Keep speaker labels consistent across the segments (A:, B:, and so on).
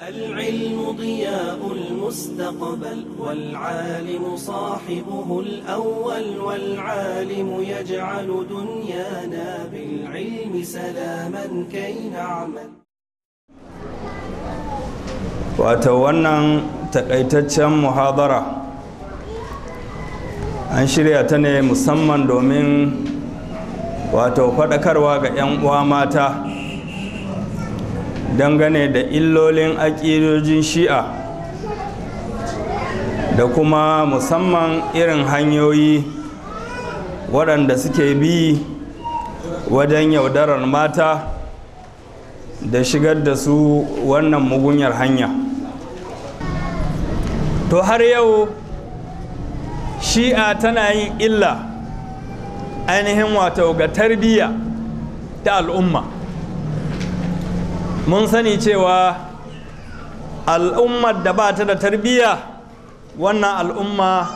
A: العلم ضياء المستقبل والعالم صاحبه الأول والعالم يجعل دنيانا بالعلم سلاما كي نعمل
B: wannan takaitaccen muhadara an shirya ta ne musamman domin wato faɗakarwa ga 'yan uwa mata dangane da illolin aƙidojin shi'a da kuma musamman irin hanyoyi waɗanda suke bi wajen yaudarar mata da shigar da su wannan mugunyar hanya to har yau shi'a tana yin illa ainihin wato ga tarbiyya ta al'umma mun sani cewa al'ummar da ba ta da tarbiyya wannan al'umma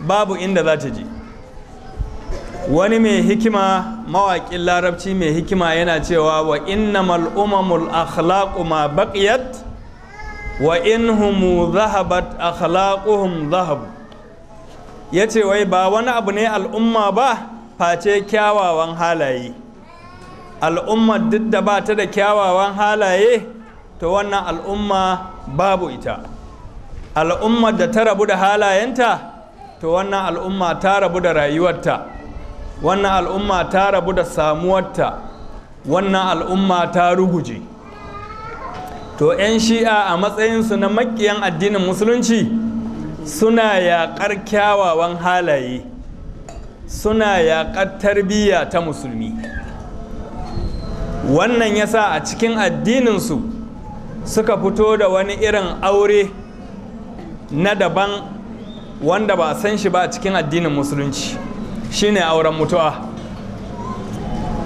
B: babu inda za ta je wani mai hikima mawaƙin larabci mai hikima yana cewa wa innamal umamul akhlaqu ma baqiyat wa inhum zahabat akhlaquhum zahabu ce wai ba wani abu ne al'umma ba face kyawawan halaye al'umma duk da ba ta da kyawawan halaye to wannan al'umma babu ita al'umma da ta rabu da halayenta to wannan al'umma ta rabu da rayuwarta wannan al'umma ta rabu da samuwarta wannan al'umma ta ruguje to 'yan shi'a a matsayinsu na makiyan addinin musulunci suna yaƙar kyawawan halaye suna yaƙar tarbiyya ta musulmi wannan ya sa a cikin addininsu suka fito da wani irin aure na daban wanda ba a san shi ba a cikin addinin musulunci shine auren mutuwa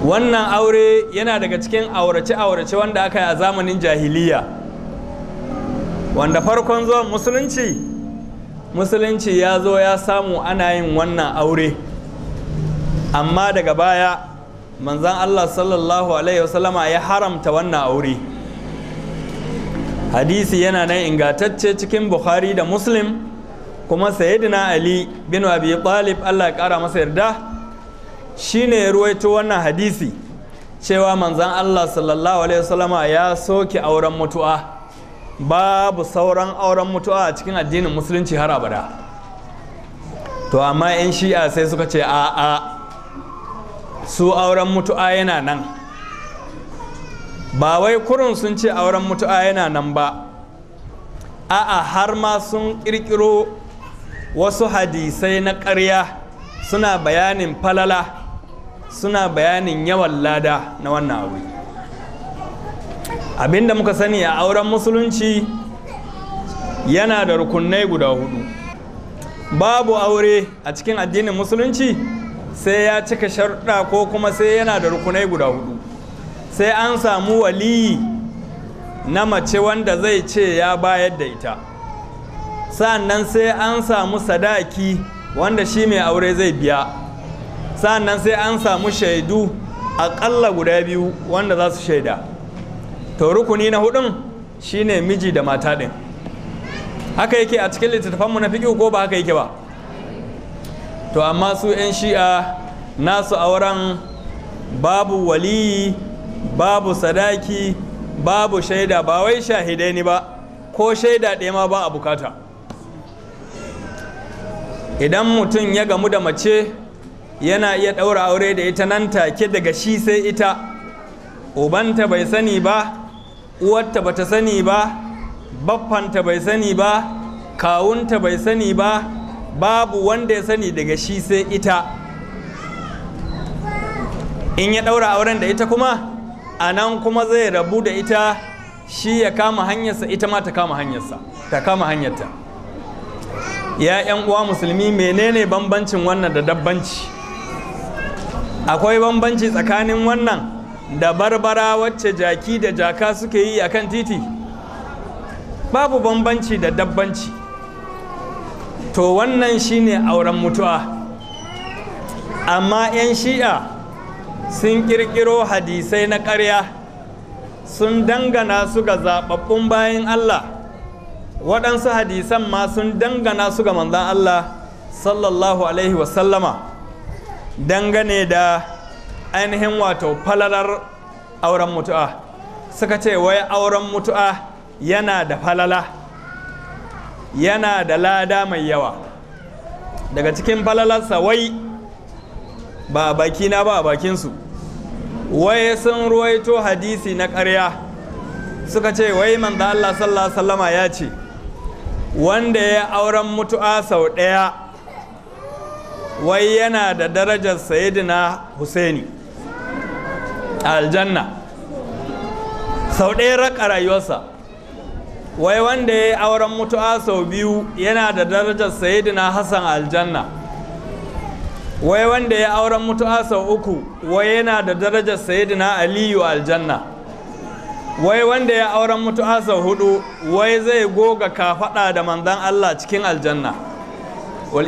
B: wannan aure yana daga cikin aurace-aurace wanda aka yi a zamanin jahiliya wanda farkon zuwan musulunci musulunci ya zo ya samu ana yin wannan aure amma daga baya manzan Allah sallallahu alaihi wasallama ya haramta wannan aure hadisi yana nan ingatacce cikin bukhari da muslim kuma sayyidina ali bin abi talib Allah ya kara masa yarda shine ya ruwaito wannan hadisi cewa manzan Allah sallallahu alaihi wasallama ya soke auren mutu'a babu sauran auren mutu'a a cikin addinin musulunci har abada to amma 'yan shi'a sai suka ce a'a su auren mutu'a yana nan ba wai kurun sun ce auren mutu'a yana nan ba a'a har ma sun ƙirƙiro wasu hadisai na ƙarya suna bayanin falala suna bayanin yawan lada na wannan abu abinda muka sani a auren musulunci yana da rukunai guda hudu babu aure a cikin addinin musulunci sai ya cika sharɗa ko kuma sai yana da rukunai guda hudu sai an samu waliyi na mace wanda zai ce ya bayar da ita sannan sai an samu sadaki wanda shi mai aure zai biya sannan sai an samu shaidu aƙalla guda biyu wanda za su shaida to rukuni na hudun shine miji da mata ɗin haka yake a cikin littattafanmu na fiƙi ko ba haka yake ba to amma su 'yan shi'a nasu auren babu waliyi babu sadaki babu shaida ba wai shahidai ne ba ko shaida ɗaya ma ba a bukata idan mutum ya gamu da mace yana iya ɗaura aure da ita nan take daga shi sai ita ubanta bai sani ba uwarta bata sani ba baffanta bai sani ba kawunta bai sani ba babu wanda ya sani daga shi sai ita in ya ɗaura auren da ita kuma a nan kuma zai rabu da ita shi ya kama hanyarsa ita ma ta kama hanyarsa ta kama hanyarta ya yan uwa musulmi menene bambancin wannan da dabbanci akwai bambanci tsakanin wannan da barbara wacce jaki da jaka suke yi akan titi babu bambanci da dabbanci to wannan shine auren mutu'a amma 'yan shi'a sun kirkiro hadisai na ƙarya sun dangana su ga zaɓaɓɓun bayan Allah waɗansu hadisan ma sun dangana su ga manzan Allah sallallahu alaihi wasallama dangane da ainihin wato falalar auren mutu'a suka ce wai auren mutu'a yana da falala yana da lada mai yawa daga cikin falalarsa wai ba a bakina ba a bakinsu wai sun ruwaito hadisi na karya? suka ce wai manzo Allah sallallahu wasallama ya ce wanda ya auren mutu'a sau ɗaya wai yana da darajar sayidina Husaini aljanna sau ɗaya raka rayuwarsa wai wanda ya yi auren mutu'a sau biyu yana da darajar sayidina hassan aljanna wai wanda ya yi auren mutu'a sau uku wai yana da darajar sayidina aliyu aljanna wai wanda ya yi auren mutu'a sau hudu wai zai goga kafada da manzan allah cikin aljanna wal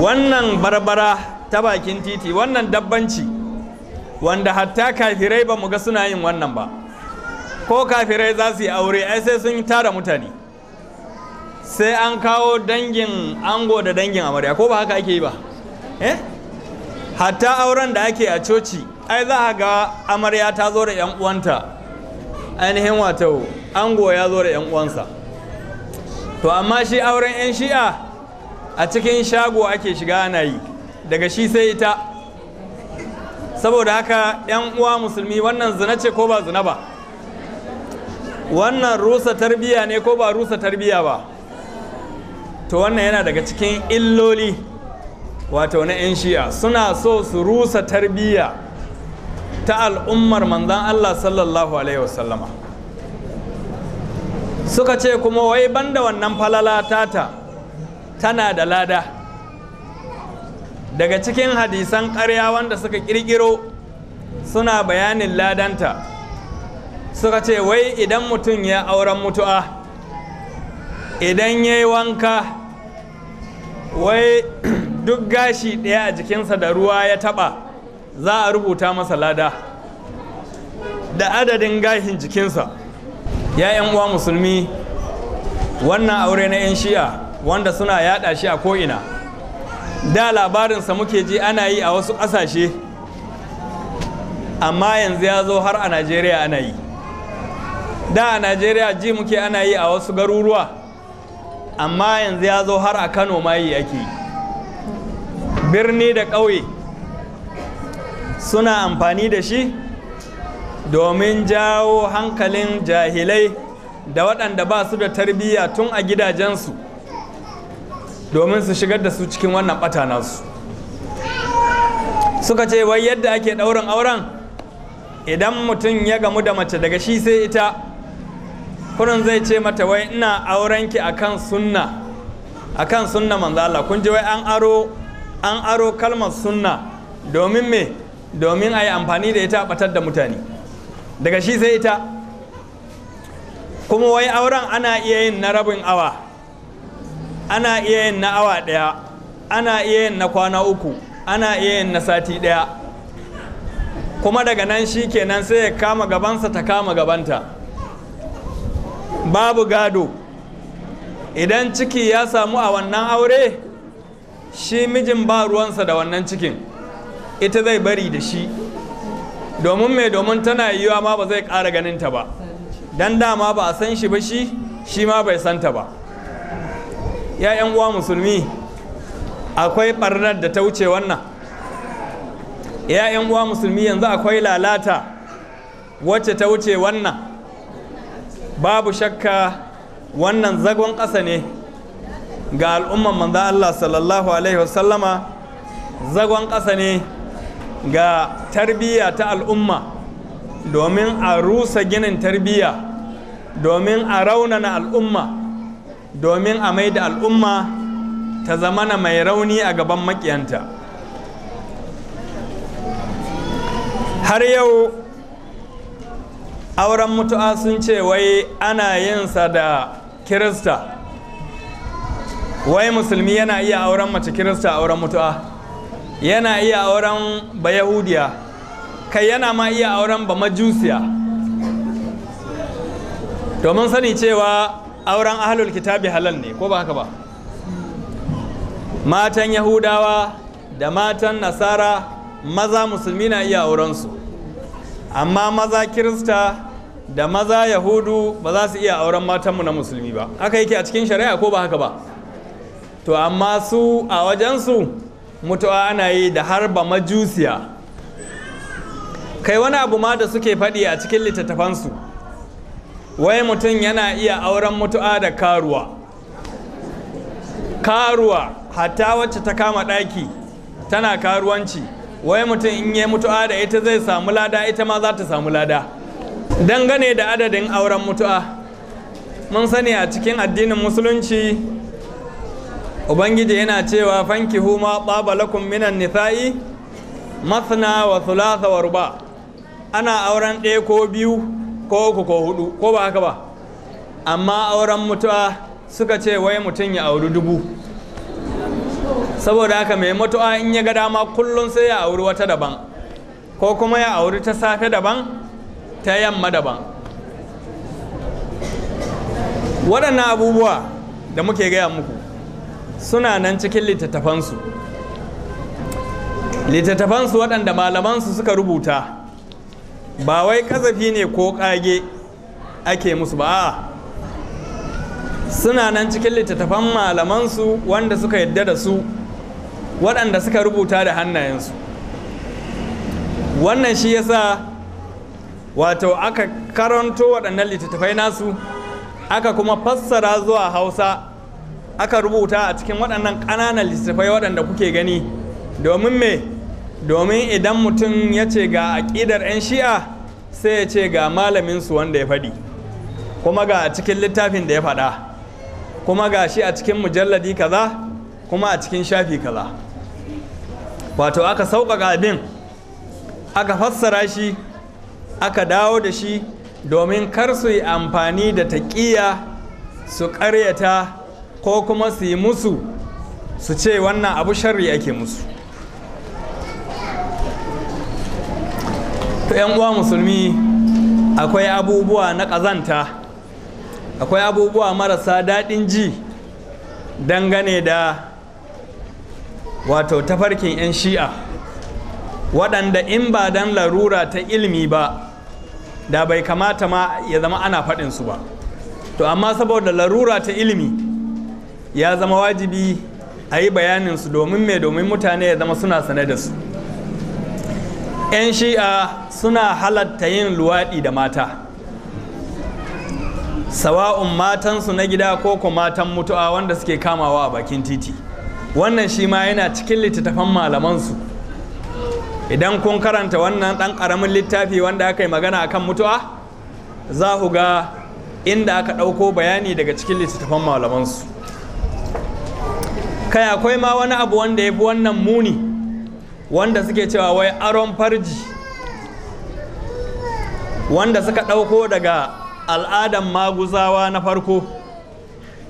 B: wannan barbara ta bakin titi wannan dabbanci wanda hatta kafirai ba mu ga suna yin wannan ba ko kafirai za su yi aure ai sai sun tara mutane sai an kawo dangin ango da dangin amarya ko ba haka ake yi ba eh hatta auren da ake a coci ai za a ga amarya ta zo da yan uwanta ainihin wato ango ya zo da yan uwansa to amma shi auren yan shi'a a cikin shago ake shiga ana yi daga shi sai ita saboda haka 'yan uwa musulmi wannan zina ce ko ba zina ba wannan rusa tarbiya ne ko ba rusa tarbiya ba to wannan yana daga cikin illoli wato na 'yan shi'a suna so su rusa tarbiya ta al'ummar manzan allah sallallahu alaihi wasallama suka ce kuma wai banda wannan falala tata tana da lada daga cikin hadisan ƙarya wanda suka ƙirƙiro suna bayanin ladanta suka ce wai idan mutum ya auren mutu'a idan ya yi wanka wai duk gashi ɗaya a jikinsa da ruwa ya taɓa za a rubuta masa lada da adadin gashin jikinsa ya uwa musulmi wannan aure na 'yan shi'a wanda suna yaɗa shi a ko'ina da labarinsa muke ji ana yi a wasu ƙasashe amma yanzu ya zo har a najeriya ana yi da a najeriya ji muke ana yi a wasu garuruwa amma yanzu ya zo har a kano ma yi ake birni da ƙauye suna amfani da shi domin jawo hankalin jahilai da waɗanda ba su da tarbiyya tun a gidajensu domin su shigar da su cikin wannan ɓata nasu suka ce wai yadda ake ɗaurin auren idan mutum ya gamu da mace daga shi sai ita kurin zai ce mata wai ina aurenki akan sunna akan sunna manzo kun ji wai an aro an aro kalmar sunna domin me domin a yi amfani da ita batar da mutane daga shi sai ita kuma wai auren ana iya yin na rabin awa ana iya yin na awa ɗaya ana iya yin na kwana uku ana iya yin na sati ɗaya kuma daga nan shi kenan sai ya kama gabansa ta kama gabanta babu gado idan ciki ya samu a wannan aure shi mijin ba ruwansa da wannan cikin ita zai bari da shi domin mai domin tana yiwuwa ma ba zai ƙara ta ba don dama ba a san shi ba shi shi ma bai santa ba Ya'yan uwa musulmi akwai ɓarnar da ta wuce wannan ya'yan uwa musulmi yanzu akwai lalata wacce ta wuce wannan babu shakka wannan zagon ƙasa ne ga al'umman manzan Allah sallallahu alaihi wasallama zagon ƙasa ne ga tarbiyya ta al'umma domin a rusa ginin tarbiyya domin a raunana al'umma domin a mai da al'umma ta zamana mai rauni a gaban makiyanta har yau auren mutu'a sun ce wai ana yinsa da kirista wai musulmi yana iya auren mace kirista auren mutu'a yana iya auren ba Yahudiya kai yana ma iya auren ba majusiya domin sani cewa auren ahalul kitabi halal ne ko ba haka ba matan yahudawa da matan nasara maza musulmi na iya aurensu amma maza kirista da maza yahudu ba za su iya auren matanmu na musulmi ba haka yake a cikin shari'a ko ba haka ba to amma su a wajensu mutuwa ana yi da harba majusiya kai wani abu ma da suke faɗi a cikin littattafansu wai mutum yana iya auren mutu'a da karuwa karuwa hatta wacce ta kama ɗaki tana karuwanci wai mutum in yi mutu'a da ita zai samu lada ita ma za ta samu lada dangane da adadin auren mutu'a mun sani a cikin addinin musulunci ubangiji yana cewa fanki huma ɓabalakun minan nisa'i masna wa thulatha wa ruba ana auren ɗaya ko biyu ko uku ko hudu ko ba haka ba amma auren mutuwa suka ce wai mutum ya auri dubu saboda haka mai mutuwa, in ya ga dama kullum sai ya auri wata daban ko kuma ya auri ta safe daban ta yamma daban waɗannan abubuwa da muke gaya muku suna nan cikin littattafansu littattafansu waɗanda malamansu suka rubuta ba wai kazafi ne ko kage ake musu ba suna nan cikin littattafan malamansu wanda suka yadda da su waɗanda suka rubuta da hannayensu wannan shi yasa wato aka karanto waɗannan littattafai nasu aka kuma fassara zuwa hausa aka rubuta a cikin waɗannan ƙananan littattafai waɗanda kuke gani domin me domin idan mutum ya ce ga aƙidar 'yan shi'a sai ya ce ga malaminsu wanda ya faɗi kuma ga cikin littafin da ya faɗa kuma ga shi a cikin mujalladi kaza kuma a cikin shafi kaza wato aka sauƙaƙa abin aka fassara shi aka dawo da shi domin kar su yi amfani da taƙiya su ƙaryata ko kuma su yi musu su ce wannan abu sharri ake musu yan uwa musulmi akwai abubuwa na ƙazanta akwai abubuwa marasa daɗin ji dangane da wato tafarkin 'yan shi'a waɗanda in ba don larura ta ilmi ba da bai kamata ma ya zama ana faɗinsu ba to amma saboda larura ta ilimi ya zama wajibi a yi bayaninsu domin mai domin mutane ya zama suna sane da su 'yan shi'a suna halatta yin luwaɗi da mata sawa'un matansu na gida ko ko matan mutu'a wanda suke kamawa a bakin titi wannan shi ma yana cikin littattafan malamansu idan kun karanta wannan ɗan ƙaramin littafi wanda aka yi magana akan mutuwa. za ku ga inda aka ɗauko bayani daga cikin littattafan malamansu kai akwai ma wani abu wanda ya fi wannan muni wanda suke cewa wai aron farji wanda suka ɗauko daga al'adan maguzawa na farko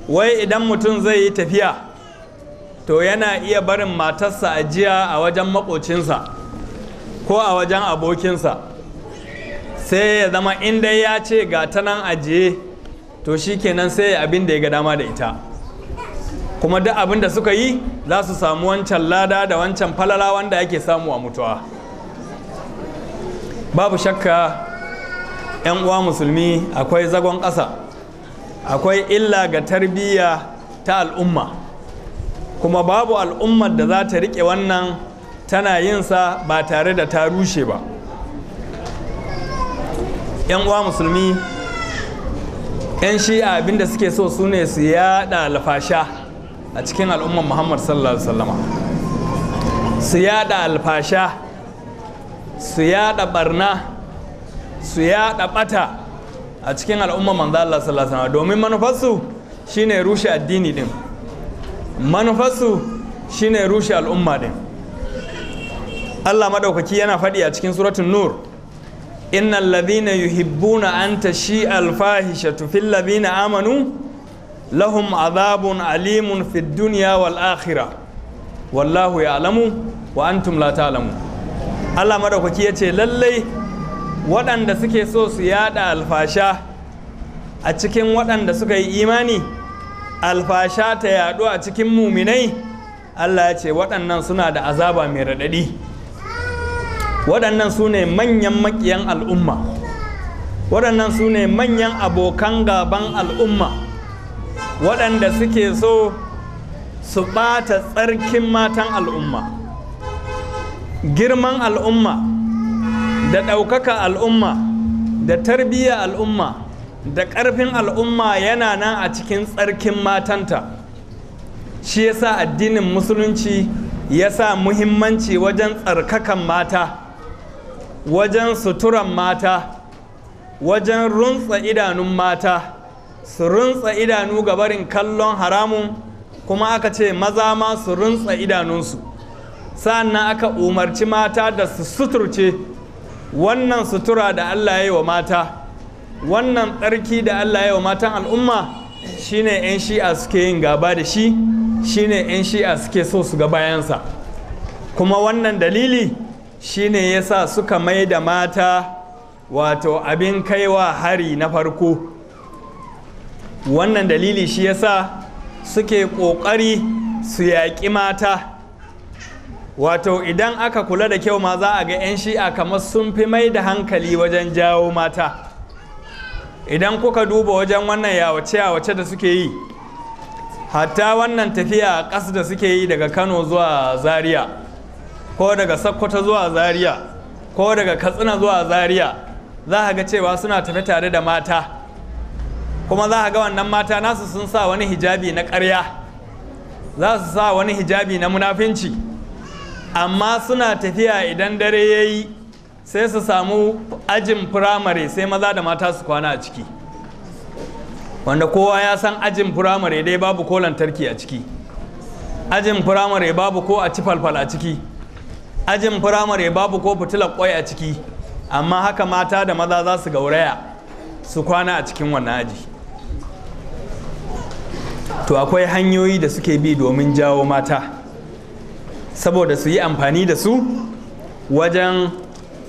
B: wai idan mutum zai yi tafiya to yana iya barin matarsa ajiya a wajen makocinsa ko a wajen abokinsa sai ya zama inda ya ce ga ta nan ajiye to shi kenan sai abin da ya ga dama da ita kuma duk abin da suka yi za su samu wancan lada da wancan falala wanda ake samu a mutuwa babu shakka 'yan uwa musulmi akwai zagon ƙasa akwai illa ga tarbiyya ta al'umma kuma babu al'ummar da za ta riƙe wannan tana yinsa ba tare da ta rushe ba 'yan uwa musulmi 'yan shi'a abinda suke so su ne su yada alfasha a cikin al'ummar muhammad sallallahu alaihi wasallama su yada alfasha su yada barna su yada bata a cikin al'ummar manzo Allah sallallahu alaihi wasallama domin manufarsu shine rushe addini din manufarsu shine rushe al'umma din Allah madaukaki yana faɗi a cikin suratul nur innal ladhina yuhibbuna an tashi al fahishatu fil ladhina amanu lahum azabun alimun fi duniya wal akhira wallahu ya'lamu wa antum la ta'lamu Allah madaukaki ce lallai waɗanda suke so su yada alfasha a cikin waɗanda suka yi imani alfasha ta yaɗu a cikin muminai Allah ya ce waɗannan suna da azaba mai raɗaɗi waɗannan su ne manyan maƙiyan al'umma waɗannan su ne manyan abokan gaban al'umma waɗanda suke so su ɓata tsarkin matan al'umma girman al'umma da ɗaukaka al'umma da tarbiyya al'umma da ƙarfin al'umma yana nan a cikin tsarkin matanta shi ya sa addinin musulunci ya sa muhimmanci wajen tsarkakan mata wajen suturan mata wajen runtsa idanun mata su runtsa idanu ga barin kallon haramun kuma aka ce maza ma su runtsa idanunsu sannan aka umarci mata da su suturce wannan sutura da Allah ya yi wa mata wannan tsarki da Allah ya yi wa matan al'umma shine 'yan shi'a suke yin gaba da shi shine 'yan shi'a suke so su ga bayansa kuma wannan dalili shine sa suka mai da mata wato abin kaiwa hari na farko wannan dalili shi yasa suke ƙoƙari su yaƙi mata wato idan aka kula da kyau ma za a ga 'yan shi'a kamar sun fi mai da hankali wajen jawo mata idan kuka duba wajen wannan yawace-yawace da suke yi hatta wannan tafiya a ƙas da suke yi daga kano zuwa zaria ko daga sokoto zuwa zaria ko daga katsina zuwa zaria za a ga cewa suna tafi tare da mata kuma za a ga wannan mata nasu sun sa wani hijabi na karya za su sa wani hijabi na munafinci amma suna tafiya idan dare ya yi sai su samu ajin firamare sai maza da mata su kwana a ciki wanda kowa ya san ajin firamare dai babu ko lantarki a ciki ajin firamare babu ko a ci falfal a ciki ajin firamare babu ko fitilar kwai a ciki amma haka mata da maza za su gauraya su kwana a cikin wannan aji to akwai hanyoyi da suke bi domin jawo mata saboda su yi amfani da su wajen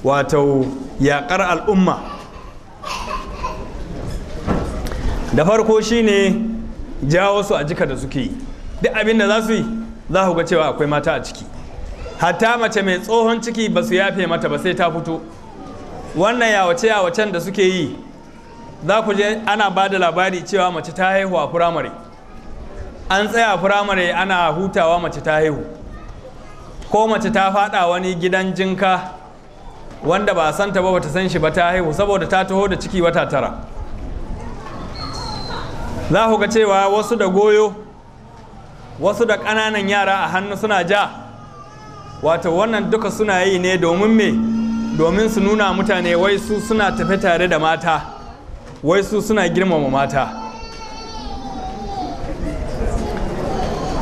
B: wato yaƙar al'umma da farko shine jawo su a jika da suke yi duk abin da za su yi za ku ga cewa akwai mata a ciki hatta mace mai tsohon ciki ba su yafe mata ba sai ta fito wannan yawace yawacen da suke yi za ku je ana ba da labari cewa mace ta haihu a firamare an tsaya firamare ana hutawa mace ta haihu ko mace ta fada wani gidan jinka wanda ba san ta ba ta san shi ba ta haihu saboda ta taho da ciki wata tara za ku ga cewa wasu da goyo wasu da ƙananan yara a hannu suna ja wato wannan duka suna yi ne domin me domin su nuna mutane wai su suna tafe tare da mata wai su suna girmama mata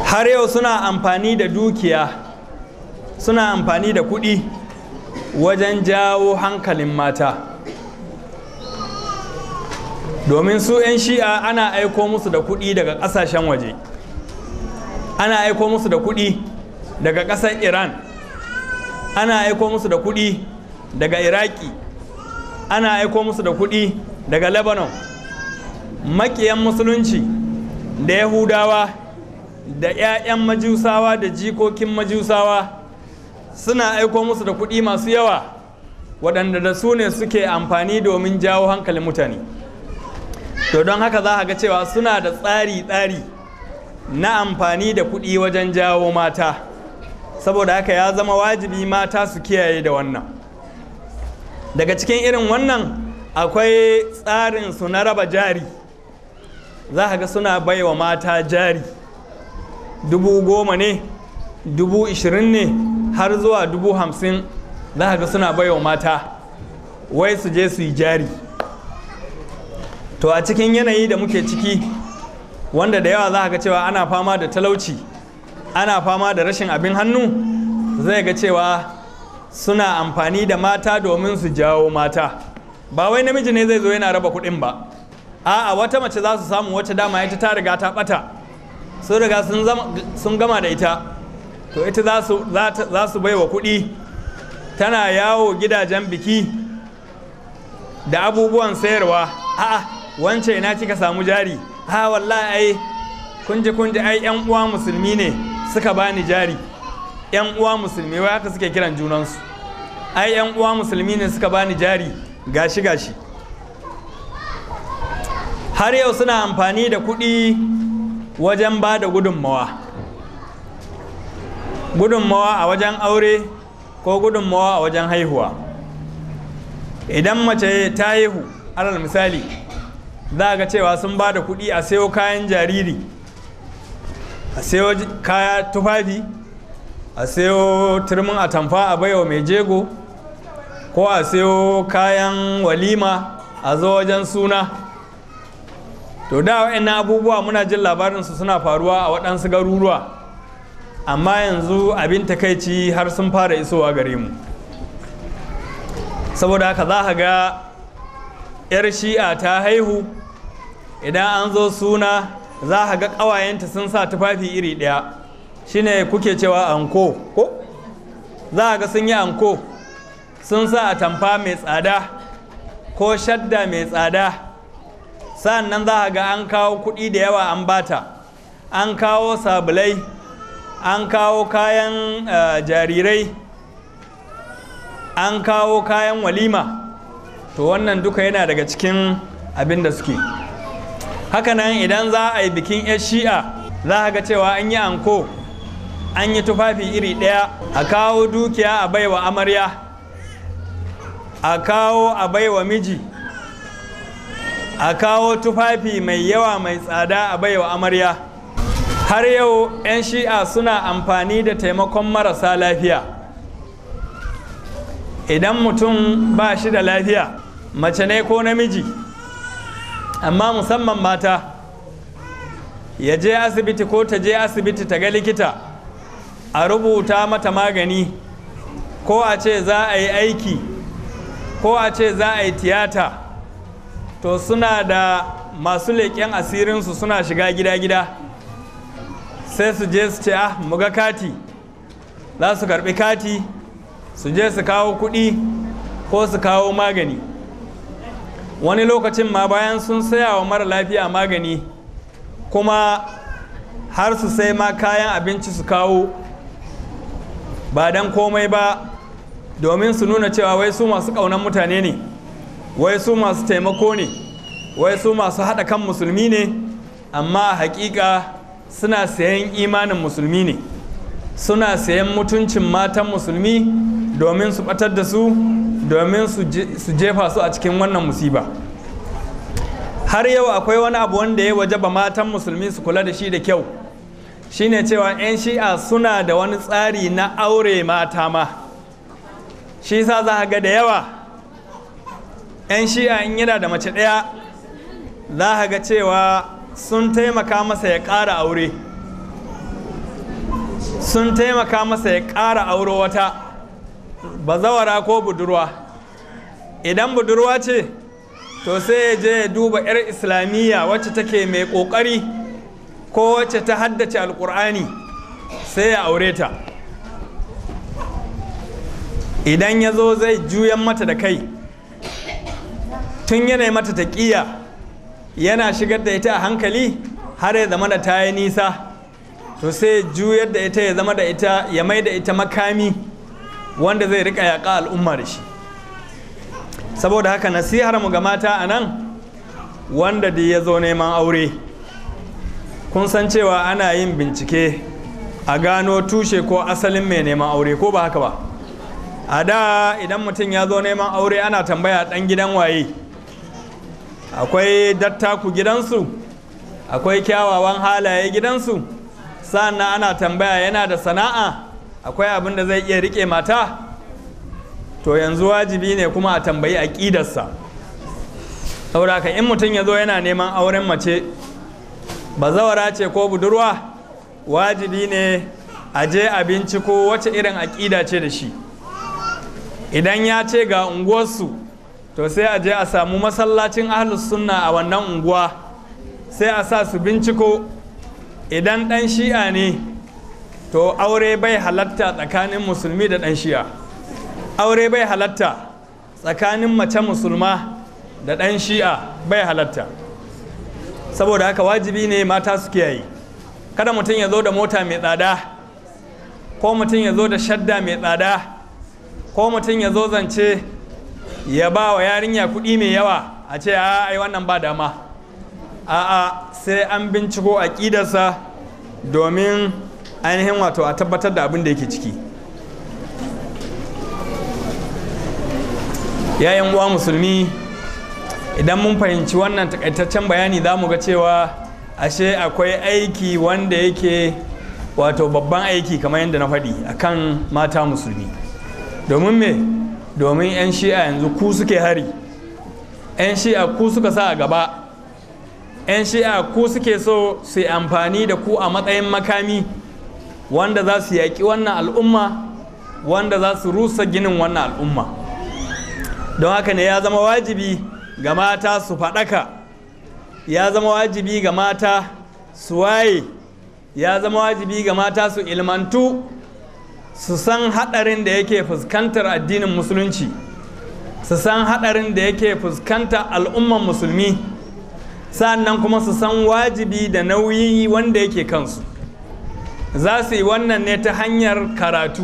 B: har yau suna amfani da dukiya suna amfani da kuɗi wajen jawo hankalin mata domin su 'yan shi'a ana aiko musu da kuɗi daga ƙasashen waje ana aiko musu da kuɗi daga ƙasar iran ana aiko musu da kuɗi daga iraki ana aiko musu da kuɗi daga lebanon makiyan musulunci da yahudawa da 'ya'yan majusawa da jikokin majusawa suna aiko musu da kuɗi masu yawa waɗanda da su ne suke amfani domin jawo hankalin mutane to don haka za a ga cewa suna da tsari-tsari na amfani da kuɗi wajen jawo mata saboda haka ya zama wajibi mata su kiyaye da wannan daga cikin irin wannan akwai tsarin su na raba jari za ga suna baiwa mata jari dubu goma ne dubu ishirin ne har zuwa dubu hamsin za ga suna baiwa mata wai su je su yi jari to a cikin yanayi da muke ciki wanda da yawa za ga cewa ana fama da talauci ana fama da rashin abin hannu zai ga cewa suna amfani da mata domin su jawo mata ba wai namiji ne zai zo yana raba kuɗin ba a'a wata mace za su samu wacce dama ita ta riga ta ɓata sun riga sun gama da ita to ita za su bai wa kuɗi tana yawo gidajen biki da abubuwan sayarwa a wance ina kika samu jari ha wallahi ai kunji kunji ai yan uwa musulmi ne suka bani jari yan uwa musulmi wai haka suke kiran junansu ai yan uwa musulmi ne suka bani jari gashi gashi har yau suna amfani da kuɗi wajen ba da gudunmawa gudunmawa a wajen aure ko gudunmawa a wajen haihuwa idan mace ta haihu alal misali za ga cewa sun ba da kuɗi a sayo kayan jariri a sayo kaya tufafi a sayo turmin atamfa a baiwa mai jego ko a sayo kayan walima a zo wajen suna to da wa'annan abubuwa muna jin labarinsu suna faruwa a waɗansu garuruwa amma yanzu abin takaici har sun fara isowa gare mu saboda haka za ka ga 'yar shi'a ta haihu idan an zo suna za ka ga ƙawayenta sun sa tufafi iri ɗaya shine kuke cewa anko ko za ga sun yi anko sun sa atamfa mai tsada ko shadda mai tsada sa'an nan za a ga an kawo kuɗi da yawa an bata an kawo sabulai an kawo kayan eh, jarirai an kawo kayan walima to wannan duka yana daga cikin abin da suke hakanan idan za a yi bikin 'yar shi'a za a ga cewa an yi anko an yi tufafi iri ɗaya a kawo dukiya a baiwa amarya a kawo a baiwa miji a kawo tufafi mai yawa mai tsada a baiwa amarya har yau 'yan shi'a suna amfani da taimakon marasa lafiya idan mutum ba shi da lafiya mace ne ko namiji amma musamman mata ya je asibiti ko ta je asibiti ta ga likita a rubuta mata magani ko a ce za a yi aiki ko a ce za a yi tiyata to suna da masu leƙen asirinsu suna shiga gida-gida sai su je su ce ah mu kati za su karbi kati su je su kawo kuɗi ko su kawo magani wani lokacin ma bayan sun saya wa mara lafiya magani kuma har su sai ma kayan abinci su kawo ba dan komai ba domin su nuna cewa wai su masu ƙaunar mutane ne wai su masu taimako ne wai su masu haɗa kan musulmi ne amma haƙiƙa suna sayan imanin musulmi ne suna sayan mutuncin matan musulmi domin su ɓatar da su domin su jefa su a cikin wannan musiba har yau akwai wani abu wanda ya waje ba matan musulmi su kula da shi da kyau shine cewa 'yan shi'a suna da wani tsari na aure mata ma shi sa za ga da yawa 'yan shi'a in yana da mace ɗaya za ka ga cewa sun taimaka masa ya ƙara aure sun taimaka masa ya ƙara auro wata bazawara ko budurwa idan budurwa ce to sai ya je ya duba 'yar islamiyya wacce take mai ƙoƙari ko wacce ta haddace alƙur'ani sai ya aure ta idan ya zo zai juyan mata da kai tun yana mata taƙiya yana shigar da ita a hankali har ya zama da ta yi nisa to sai juyar da ita ya zama da ita ya mai da ita makami wanda zai rika yaƙa al'umma da shi saboda haka nasihar mu ga mata a nan wanda da ya zo neman aure kun san cewa ana yin bincike a gano tushe ko asalin mai neman aure ko ba haka ba a da idan mutum ya zo neman aure ana tambaya ɗan gidan waye akwai dattaku gidansu akwai kyawawan halaye gidansu sannan ana tambaya yana da sana'a akwai abin da zai iya rike mata to yanzu wajibi ne kuma a tambayi aƙidarsa sauraka in mutum ya zo yana neman auren mace bazawara ce ko budurwa wajibi ne a je abinci ko wace irin aƙida ce da shi idan ya ce ga unguwarsu to sai a je a samu masallacin ahlus sunna a wannan unguwa sai a sa su binciko idan ɗan shi'a ne to aure bai halatta tsakanin musulmi da ɗan shi'a aure bai halatta tsakanin mace musulma da ɗan shi'a bai halatta saboda haka wajibi ne mata su kiyaye kada mutum ya zo da mota mai tsada ko mutum ya zo da shadda mai tsada ko mutum ya zo zance ya ba wa yarinya kuɗi mai yawa a ce a ai wannan ba dama a'a sai an binciko a aƙidarsa domin ainihin wato a tabbatar da abin da yake ciki yayin uwa musulmi idan mun fahimci wannan takaitaccen bayani za mu ga cewa ashe akwai aiki wanda yake wato babban aiki kamar yadda na faɗi akan mata musulmi domin me domin 'yan shi'a yanzu ku suke hari 'yan shi'a ku suka sa a gaba 'yan shi'a ku suke so su yi amfani da ku a matsayin makami wanda za su yaƙi wannan al'umma wanda za su rusa ginin wannan al'umma don haka ne ya zama wajibi ga mata su faɗaka ya zama wajibi ga mata su waye ya zama wajibi ga mata su ilmantu su san haɗarin da yake fuskantar addinin musulunci su san haɗarin da yake fuskantar al'umman musulmi sannan kuma su san wajibi da nauyi wanda yake kansu za su yi wannan ne ta hanyar karatu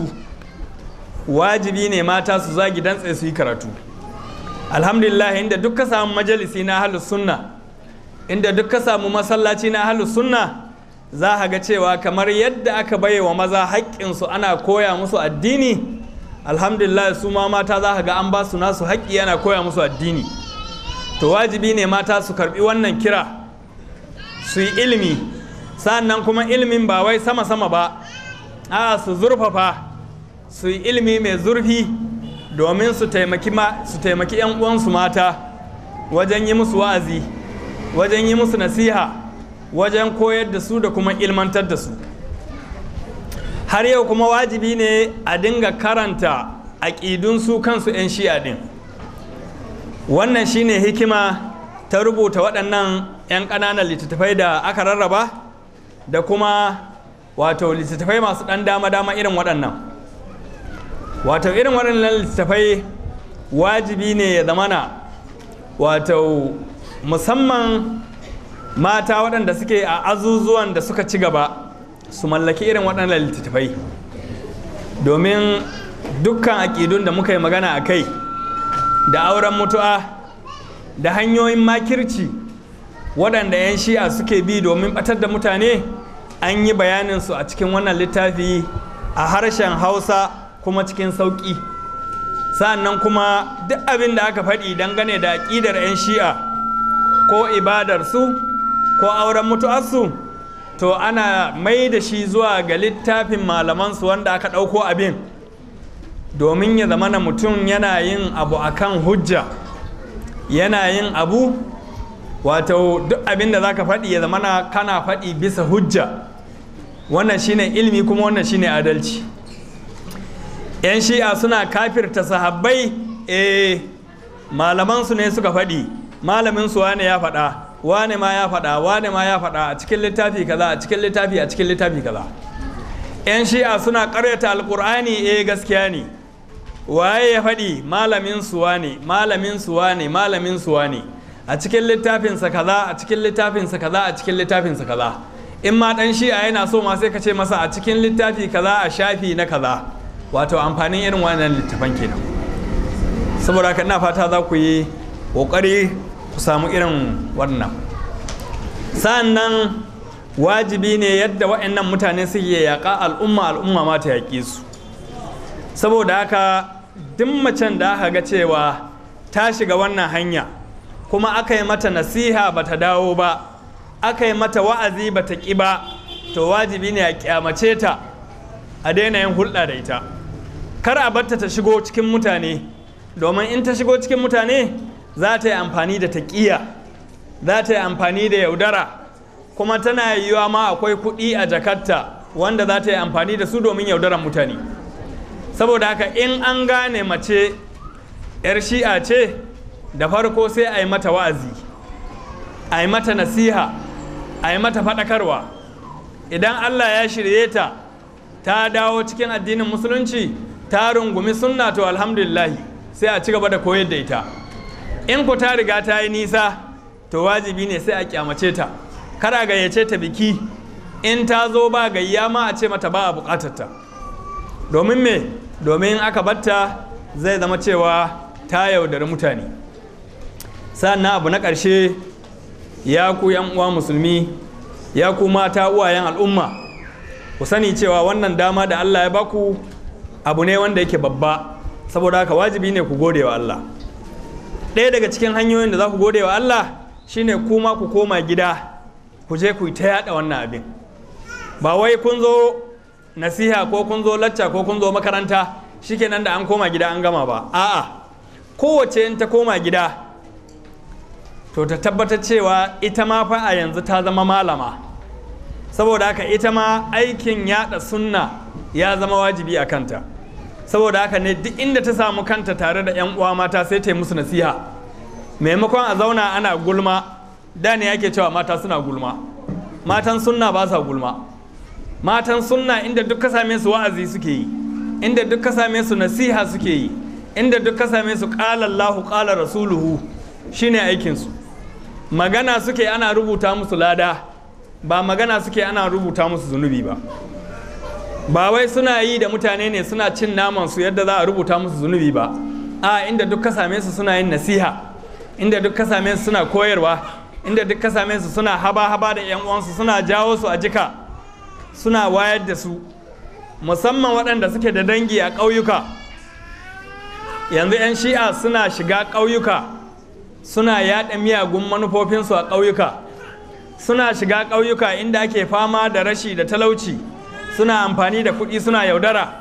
B: wajibi ne mata su zagi dantse su yi karatu alhamdulillah inda duk ka samu majalisi na halus sunna inda duk ka samu masallaci na halus sunna za a ga cewa kamar yadda aka wa maza haƙƙinsu ana koya musu addini alhamdulillah su ma mata za ga an ba su nasu haƙƙi ana koya musu addini to wajibi ne mata su karbi wannan kira su yi ilimi sannan kuma ilimin ba wai sama-sama ba a su zurfafa su yi ilimi mai zurfi domin su taimaki 'yan uwansu mata wajen yi musu wa'azi wajen yi musu nasiha wajen koyar da su da kuma ilmantar da su har yau kuma wajibi ne a dinga karanta aƙidun su kansu 'yan shi'a din wannan shine hikima ta rubuta waɗannan 'yan ƙananan littattafai da aka rarraba da kuma wato littattafai masu ɗan dama-dama irin waɗannan wato irin waɗannan littattafai wajibi ne ya zamana wato musamman mata waɗanda suke a azuzuwan da suka ci gaba su mallaki irin waɗannan littattafai domin dukkan aƙidun da muka yi magana a kai da auren mutu'a da hanyoyin makirci waɗanda 'yan shi'a suke bi domin ɓatar da mutane an yi bayaninsu a cikin wannan littafi a harshen hausa kuma cikin sauƙi sannan kuma duk abin da aka faɗi dangane da aƙidar 'yan shi'a ko ibadarsu ko auren mutu'assu to ana mai da shi zuwa ga littafin malamansu wanda aka ɗauko abin domin ya zamana mutum yana yin abu akan hujja yana yin abu wato duk abin da za ka faɗi ya zamana kana faɗi bisa hujja wannan shine ilmi kuma wannan shine adalci 'yan shi'a suna kafirta sahabbai eh malamansu ne suka faɗi malamin su wane ya faɗa wane ma ya faɗa wane ma ya faɗa a cikin littafi kaza a cikin littafi a cikin littafi kaza yan shi'a suna ƙaryata alƙur'ani eh gaskiya ne waye ya faɗi malamin suwa ne malamin suwa ne malamin suwa ne a cikin littafin sa kaza a cikin littafin sa kaza a cikin littafin sa kaza in ma dan shi'a yana so ma sai ka ce masa a cikin littafi kaza a shafi na kaza wato amfanin irin wannan littafan kenan saboda haka ina fata za ku yi kokari ku samu irin wannan sa'annan wajibi ne yadda waɗannan mutane suke yaƙa al'umma al'umma ma ta yaƙi su saboda haka duk macen da aka ga cewa ta shiga wannan hanya kuma aka yi mata nasiha ba ta dawo ba aka yi mata wa'azi ba ta ƙi ba to wajibi ne a kyamace ta a daina yin hulɗa da ita kar a barta ta shigo cikin mutane domin in ta shigo cikin mutane za ta yi amfani da taƙiya za ta yi amfani da yaudara kuma tana yiwuwa ma akwai kuɗi a jakarta wanda za ta yi amfani da su domin yaudaran mutane saboda haka in an gane mace 'yar shi'a ce da farko sai a yi mata wa'azi a yi mata nasiha a yi mata faɗakarwa idan allah ya shirye ta ta dawo cikin addinin musulunci ta rungumi sunna to alhamdulillahi sai a ci gaba da koyar da ita in ku ta riga ta yi nisa to wajibi ne sai a kyamace ta kara gayyace ta biki in ta zo ba gayya ma a ce mata ba a bukatar ta domin me domin aka batta zai zama cewa ta yaudari mutane sannan abu na ƙarshe ya ku yan uwa musulmi ya ku mata uwayen al'umma ku sani cewa wannan dama da allah ya baku abu ne wanda yake babba saboda haka wajibi ne ku gode wa allah ɗaya daga cikin hanyoyin da za ku gode wa Allah shine kuma ku koma gida ku je ku yi ta yada wannan abin ba wai kun zo nasiha ko kun zo lacca ko kun zo makaranta shikenan da an koma gida an gama ba a'a kowace in ta koma gida to ta tabbata cewa ita ma fa a yanzu ta zama malama saboda haka ita ma aikin yada sunna ya zama wajibi a kanta saboda haka ne duk inda ta samu kanta tare da 'yan uwa mata sai ta yi musu nasiha maimakon a zauna ana gulma da ne yake cewa mata suna gulma matan sunna ba sa gulma matan sunna inda duk ka su wa'azi suke yi inda duk ka su nasiha suke yi inda duk ka same su qala Allahu rasuluhu shine aikinsu. magana suke ana rubuta musu lada ba magana suke ana rubuta musu zunubi ba ba wai suna yi da mutane ne suna cin naman su yadda za a rubuta musu zunubi ba a inda duk same su suna yin nasiha inda duk same su suna koyarwa inda duk same su suna haba haba da yan uwansu suna jawo su a jika suna wayar da su musamman waɗanda suke da dangi a ƙauyuka yanzu 'yan shi'a suna shiga ƙauyuka suna yaɗa miyagun manufofinsu a ƙauyuka suna shiga ƙauyuka inda ake fama da rashi da talauci suna amfani da kuɗi suna yaudara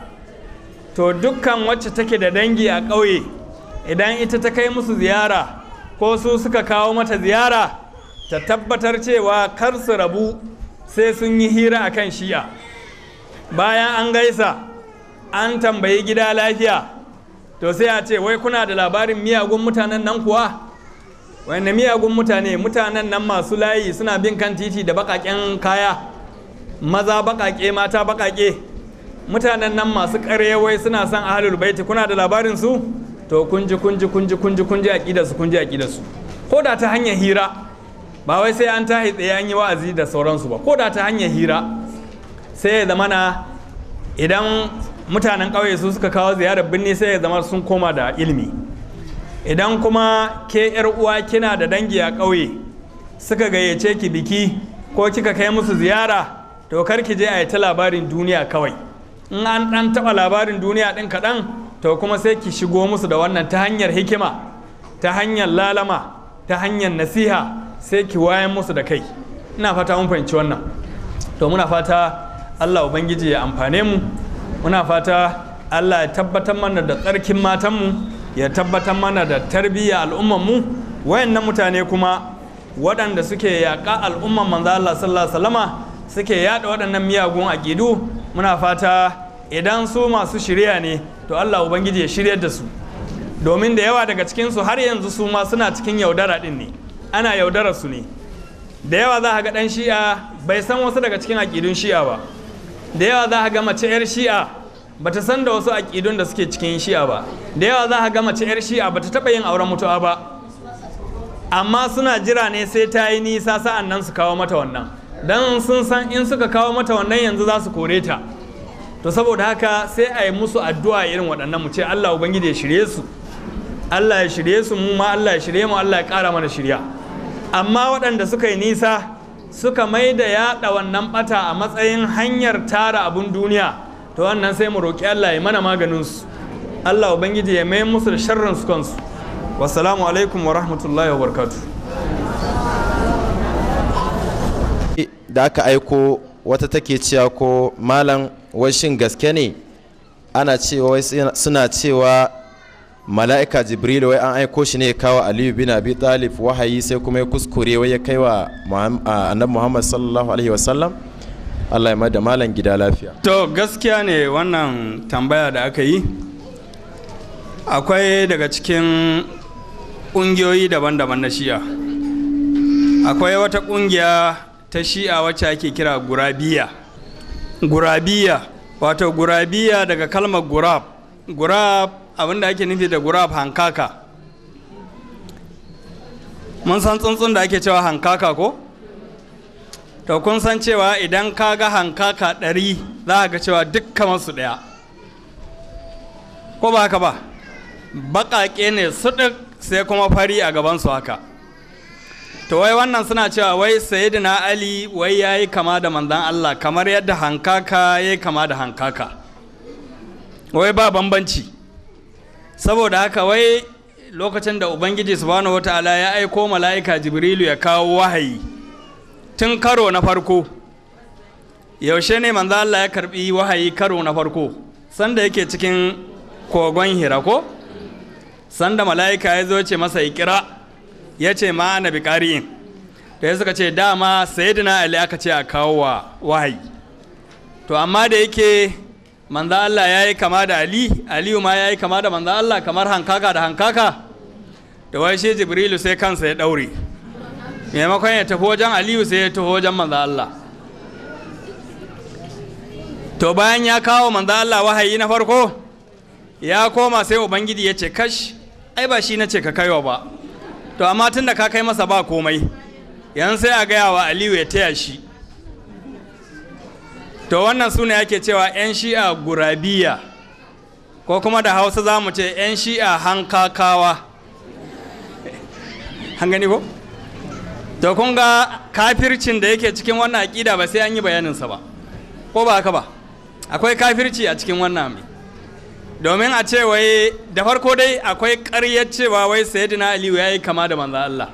B: to dukkan wacce take da dangi a ƙauye idan ita ta kai musu ziyara ko su suka kawo mata ziyara ta tabbatar cewa kar su rabu sai sun yi hira a kan shi'a bayan an gaisa an tambayi gida lafiya to sai a ce wai kuna da labarin miyagun mutanen nan kuwa wani miyagun mutane mutanen nan masu layi suna bin kan titi da baƙaƙen kaya maza baƙaƙe mata baƙaƙe mutanen nan masu ƙarewai suna son ahalul baiti kuna da labarin su to kunji kunji kunji kunji kunji aƙida su kunji aƙida su ko da ta hanyar hira ba wai sai an tahi tsaye an yi wa'azi da sauransu ba ko da ta hanyar hira sai ya zama na idan mutanen ƙauye su suka kawo ziyarar birni sai ya zama sun koma da ilimi idan kuma ke yar uwa kina da dangi a ƙauye suka gayyace ki biki ko kika kai musu ziyara to kar ki je a yi ta labarin duniya kawai in an dan taba labarin duniya din kaɗan to kuma sai ki shigo musu da wannan ta hanyar hikima ta hanyar lalama ta hanyar nasiha sai ki wayan musu da kai ina fata mun fahimci wannan to muna fata allah ubangiji ya amfane mu muna fata allah ya tabbatar mana da tsarkin matan mu ya tabbatar mana da tarbiyya al'umman al'ummanmu wayannan mutane kuma waɗanda suke yaƙa al'umman manzo allah sallallahu alaihi wasallama suke yada waɗannan miyagun akidu muna fata idan su masu shirya ne to Allah ubangiji ya shirya da su domin da yawa daga cikinsu har yanzu su ma suna cikin yaudara ɗin ne ana yaudara su ne da yawa za ga ɗan shi'a bai san wasu daga cikin aƙidun shi'a ba da yawa za ga mace 'yar shi'a ba ta san da wasu aƙidun da suke cikin shi'a ba da yawa za ga mace 'yar shi'a ba ta taɓa yin auren mutuwa ba amma suna jira ne sai ta yi nisa sa'an nan su kawo mata wannan don sun san in suka kawo mata wannan yanzu za su kore ta to saboda haka sai a yi musu addu'a irin waɗannan mu ce Allah ubangiji ya shirye su Allah ya shirye su mu ma Allah ya shirye mu Allah ya ƙara mana shirya amma waɗanda suka yi nisa suka mai da yaɗa wannan ɓata a matsayin hanyar tara abun duniya to wannan sai mu roƙi Allah ya mana maganin su Allah ubangiji ya mai musu da sharrin su kansu wassalamu alaikum wa rahmatullahi wa barakatuh
C: da aka aiko wata take cewa ko malam washin gaske ne ana cewa suna cewa mala'ika jibril wai an aiko shi ne ya kawo aliyu bin abi talib wahayi sai kuma ya kuskure wai ya kai wa annabi muhammad sallallahu alaihi wasallam allah ya mai da malam gida lafiya
B: to gaskiya ne wannan tambaya da aka yi akwai daga cikin ƙungiyoyi daban-daban na shiya akwai wata ƙungiya ta shi'a wacce ake kira gurabiya gurabiya wato gurabiya daga kalmar gurab gurab abinda ake nufi da gurab hankaka mun san tsuntsun da ake cewa hankaka ko to kun san cewa idan ka ga hankaka ɗari za ga cewa duk kamar su ɗaya ko ba haka ba baƙaƙe ne su sai kuma fari a gabansu haka to wai wannan suna cewa wai sayidina ali wai ya yi kama da manzan Allah kamar yadda hankaka ya yi kama da hankaka wai ba bambanci saboda haka wai lokacin da ubangiji subhanahu wataala ya aiko mala'ika jibrilu ya kawo wahayi tun karo na farko yaushe ne manzan Allah ya karbi wahayi karo na farko sanda yake cikin kogon hira ko sanda mala'ika ya zo ce masa ikira ya ce ma na bikari da ya suka ce dama sayyidina ali aka ce a kawo wa wahayi to amma da yake manza Allah ya yi kama da ali aliyu ma ya yi kama da manza Allah kamar hankaka da hankaka da wai shi jibrilu sai kansa ya ɗaure maimakon ya tafi wajen aliyu sai ya tafi wajen manza Allah to bayan ya kawo manza Allah wahayi na farko ya koma sai ubangiji ya ce kash ai ba shi na ce ka kaiwa ba to amma tun da ka kai masa ba komai yan sai a gaya wa aliyu ya taya shi to wannan suna yake cewa 'yan shi'a gurabiya ko kuma da hausa za mu ce 'yan shi'a hankakawa hangani ko? to kun ga kafircin da yake cikin wannan aƙida ba sai an yi bayaninsa ba ko ba haka ba akwai kafirci a cikin wannan mai domin a ce wai da farko dai akwai ƙaryar cewa wai sayidina aliyu ya yi kama da manzo Allah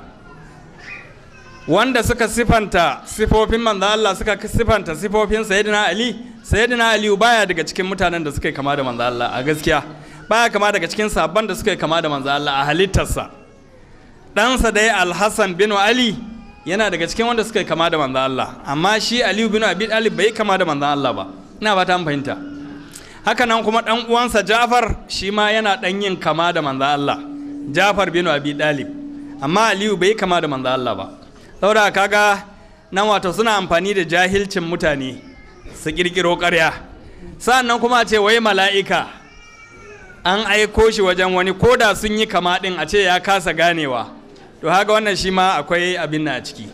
B: wanda suka sifanta sifofin manzo Allah suka sifanta sifofin sayidina ali sayidina aliyu baya daga cikin mutanen da suka yi kama da manzo Allah a gaskiya baya kama daga cikin sabon da suka yi kama da manzo Allah a halittarsa ɗansa dai alhassan bin ali yana daga cikin wanda suka yi kama da manzo Allah amma shi aliyu bin abi talib bai kama da manzo Allah ba ina ba ta fahimta haka nan kuma ɗan uwansa jafar shi ma yana ɗan yin kama da manzan Allah jafar bin abi dalib amma aliyu bai kama da manzan Allah ba saboda kaga nan wato suna amfani da jahilcin mutane su ƙirƙiro ƙarya sa'annan kuma a ce wai mala'ika an aiko shi wajen wani ko da sun yi kama ɗin a ce ya kasa ganewa to haka wannan shi ma akwai abin na ciki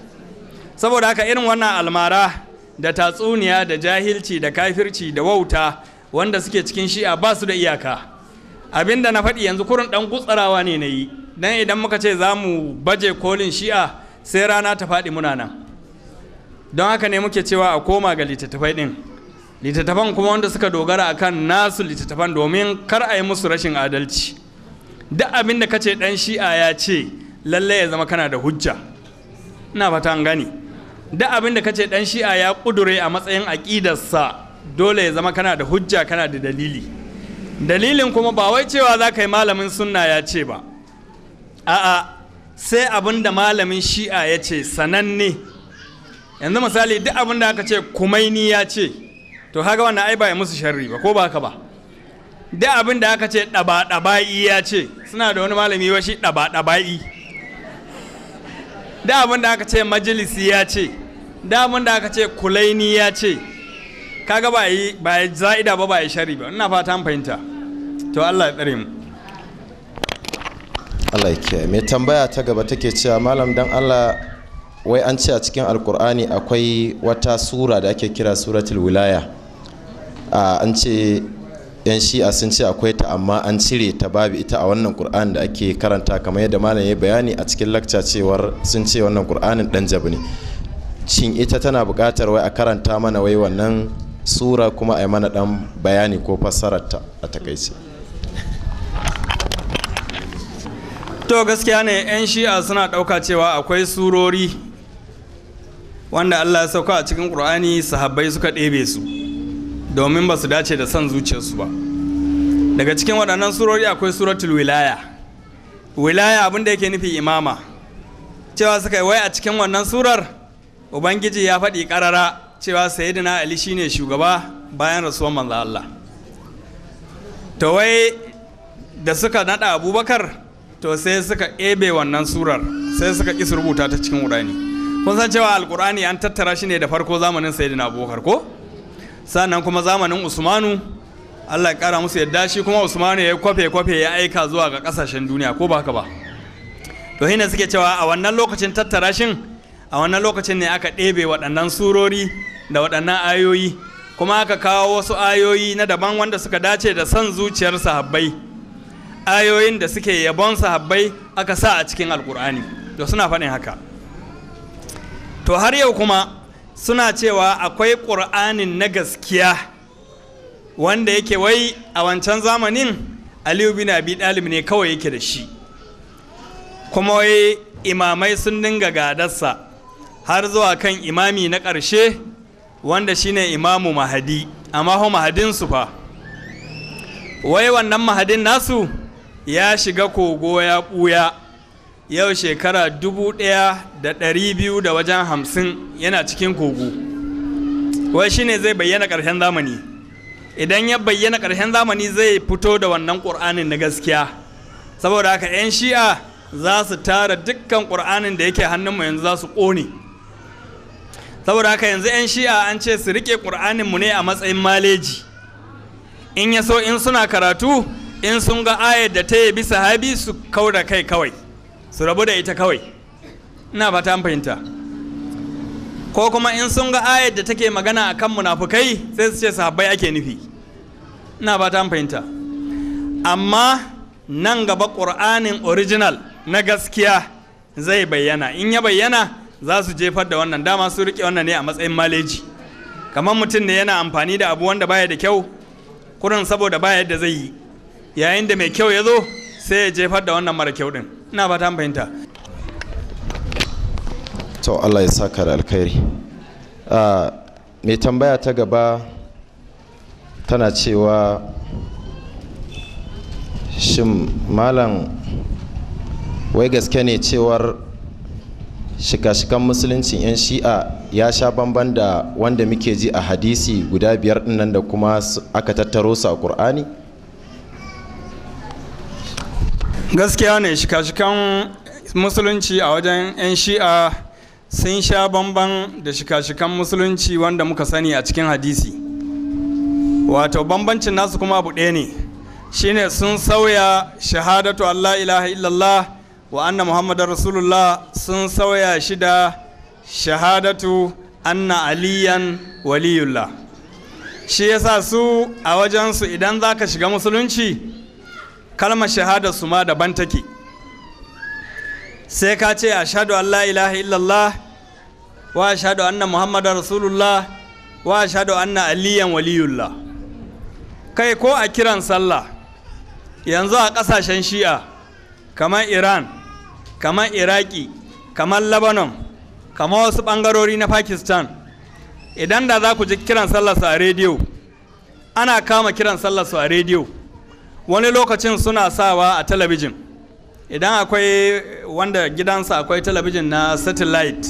B: saboda haka irin wannan almara da tatsuniya da jahilci da kafirci da wauta wanda suke cikin shi'a ba su da iyaka abinda na faɗi yanzu kurin ɗan gutsarawa ne na yi don idan muka ce za mu baje kolin shi'a sai rana ta faɗi muna nan don haka ne muke cewa a koma ga littattafai ɗin littattafan kuma wanda suka dogara akan nasu littattafan domin kar a yi musu rashin adalci duk abin da kace ɗan shi'a ya ce lallai ya zama kana da hujja ina fata gani duk abin da kace ɗan shi'a ya ƙudure a matsayin aƙidarsa dole ya zama kana da hujja kana da dalili dalilin kuma ba wai cewa za ka yi malamin sunna ya ce ba a'a sai abin da malamin shi'a ya ce sananne yanzu misali duk abin da aka ce kumaini ya ce to haka wannan ai ba ya musu sharri ba ko ba haka ba duk abin da aka ce ɗaba-ɗaba'i ya ce suna da wani malami wa shi ɗaba-ɗaba'i duk abin da aka ce majalisi ya ce duk abin da aka ce kulaini ya ce kaga ba yi ba yi za'ida ba ba yi shari ba ina fata an fahimta to Allah ya tsare mu
C: Allah ya ke mai tambaya ta gaba take cewa malam dan Allah wai an ce a cikin alkur'ani akwai wata sura da ake kira suratul wilaya an ce yan shi'a sun ce akwai ta amma an cire ta babu ita a wannan qur'an da ake karanta kamar yadda malam ya bayani a cikin lakca cewar sun ce wannan qur'anin dan jabi ne shin ita tana buƙatar wai a karanta mana wai wannan sura kuma a yi mana dan bayani ko fassararta a takaice
B: to gaskiya ne 'yan shi'a suna ɗauka cewa akwai surori wanda allah ya sauka a cikin ƙur'ani sahabbai suka ɗebe su domin ba su dace da son zuciyarsu ba daga cikin waɗannan surori akwai suratul wilaya wilaya abinda yake nufi imama cewa suka yi wai a cikin wannan surar ubangiji ya faɗi ƙarara cewa sayyidina ali shine shugaba bayan rasuwan manzo Allah to wai da suka nada abubakar to sai suka ebe wannan surar sai suka ki rubuta ta cikin wurani kun san cewa alkurani an tattara shi ne da farko zamanin sayyidina abubakar ko sannan kuma zamanin usmanu allah ya kara musu yadda shi kuma usmanu ya kwafe kwafe ya aika zuwa ga kasashen duniya ko ba haka ba to hina suke cewa a wannan lokacin tattara shin a wannan lokacin ne aka ɗebe waɗannan surori da waɗannan ayoyi kuma aka kawo wasu ayoyi na daban wanda suka dace da son zuciyar sahabbai ayoyin da suke yabon sahabbai aka sa a cikin alkur'ani to suna faɗin haka to har yau kuma suna cewa akwai ƙur'anin na gaskiya wanda yake wai a wancan zamanin aliyu bin abi ɗalib ne kawai yake da shi kuma wai imamai sun dinga gadarsa har zuwa kan imami na ƙarshe wanda shine imamu mahadi amma ho mahadinsu fa wai wannan mahadin nasu ya shiga kogo ya ɓuya yau shekara dubu ɗaya da ɗari biyu da wajen hamsin yana cikin kogo wai shine zai bayyana ƙarshen zamani idan ya bayyana ƙarshen zamani zai fito da wannan ƙur'anin na gaskiya saboda haka 'yan shi'a za su tara dukkan ƙur'anin da yake hannunmu yanzu za su ƙone saboda haka yanzu 'yan shi'a an ce su riƙe mu ne a matsayin maleji in ya so in suna karatu in sun ga ayar da ta bisa sahabi su kau da kai kawai su rabu da ita kawai ina fata fahimta ko kuma in sun ga ayar da take magana a kan munafukai sai su ce sahabbai ake nufi ina fata fahimta amma nan gaba ƙur'anin original na gaskiya zai bayyana in ya bayyana za su jefar da wannan dama su rike wannan ne a matsayin maleji kamar mutum ne yana amfani da abu wanda baya da kyau kurin saboda baya yadda zai yi yayin da mai kyau ya zo sai ya jefar da wannan mara kyau din ina ba ta fahimta
C: to Allah ya saka da alkhairi ah, mai tambaya ta gaba tana cewa shin malam wai gaske ne cewar shika-shikan musuluncin 'yan shi'a ya sha bamban da wanda muke ji a hadisi guda biyar nan da kuma aka tattaro su a ƙur'ani
B: gaskiya ne shika-shikan musulunci a wajen 'yan shi'a sun sha bamban da shika-shikan musulunci wanda muka sani a cikin hadisi wato bambancin nasu kuma abu ɗaya ne shine sun sauya shahadatu allah ilaha illallah wa anna muhammadar rasulullah sun sauya shi da shahadatu anna aliyan waliyullah shi ya sa su a wajensu idan za ka shiga musulunci kalmar shahada su ma daban take sai ka ce ashadu an la ilaha illallah wa ashadu anna muhammadar rasulullah wa ashadu anna aliyan waliyullah kai ko a kiran sallah yanzu a kasashen shi'a kamar iran kamar iraki kamar lebanon kamar wasu bangarori na pakistan idan da za ku ji kiran sallarsu a rediyo ana kama kiran sallarsu a rediyo wani lokacin suna sawa a talabijin idan akwai wanda gidansa akwai talabijin na satellite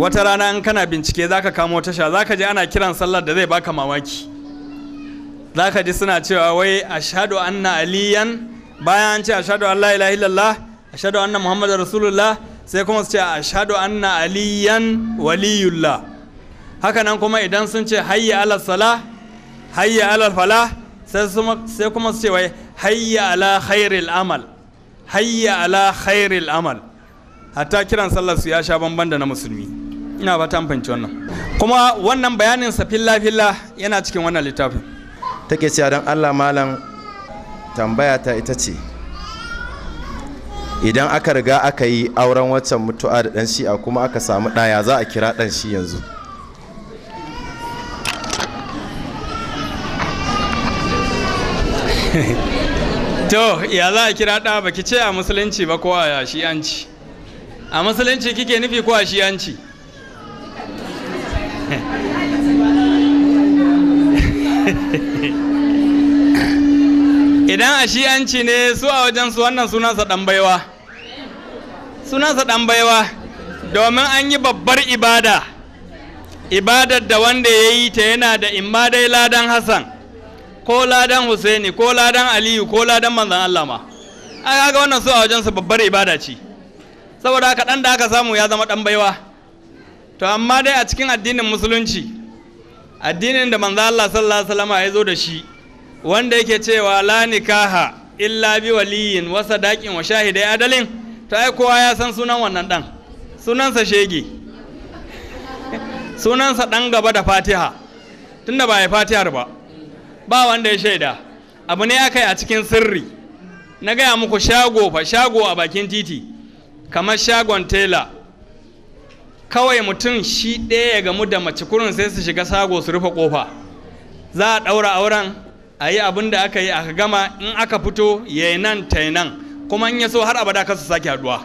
B: wata rana in kana bincike za ka kamo tasha za ka ji ana kiran sallar da zai baka mamaki za ka ji suna cewa wai ashadu anna aliyan bayan an ce ashadu an la ilaha illallah ashadu anna Muhammadu rasulullah sai kuma su ce ashadu anna aliyan waliyullah haka nan kuma idan sun ce hayya ala sala hayya ala fala sai kuma su ce wai hayya ala khairil amal hayya ala khairil amal hatta kiran sallar su ya sha bamban da na musulmi ina ba ta wannan kuma wannan bayanin sa filla
C: filla yana cikin wannan littafin take cewa don Allah malam tambaya ta ita ce idan aka riga aka yi auren waccan mutu'a da dan shi'a kuma aka samu ɗaya za a kira dan shi yanzu
B: to ya za a kira ɗa baki ce a musulunci ba ko a shi'anci a musulunci kike nufi ko a shi'anci Hehehe idan a shi'anci ne su a wajen su wannan sunansa dan baiwa sunansa dan baiwa domin an yi babbar ibada ibadar da wanda ya yi ta yana da imma dai ladan hassan ko ladan husaini ko ladan aliyu ko ladan manzan allah ma a kaga wannan su a wajen su babbar ibada ce saboda haka dan da aka samu ya zama dan baiwa to amma dai a cikin addinin musulunci addinin da manzan allah sallallahu alaihi wasallam ya zo da shi wanda yake cewa la nikaha illa bi waliyin wa sadaqin wa shahidai adalin to ai kowa ya san sunan wannan dan sunansa shege sunansa dan gaba da fatiha tunda ba ya fatihar ba ba wanda ya shaida abu ne aka yi a cikin sirri na gaya muku shago fa shago a bakin titi kamar shagon tela kawai mutum shi ɗaya ya gamu da mace kurin sai su shiga sago su rufe kofa za a ɗaura auren a yi abin da aka yi aka gama in aka fito ya nan ta nan kuma in ya so har abada kasu sake haduwa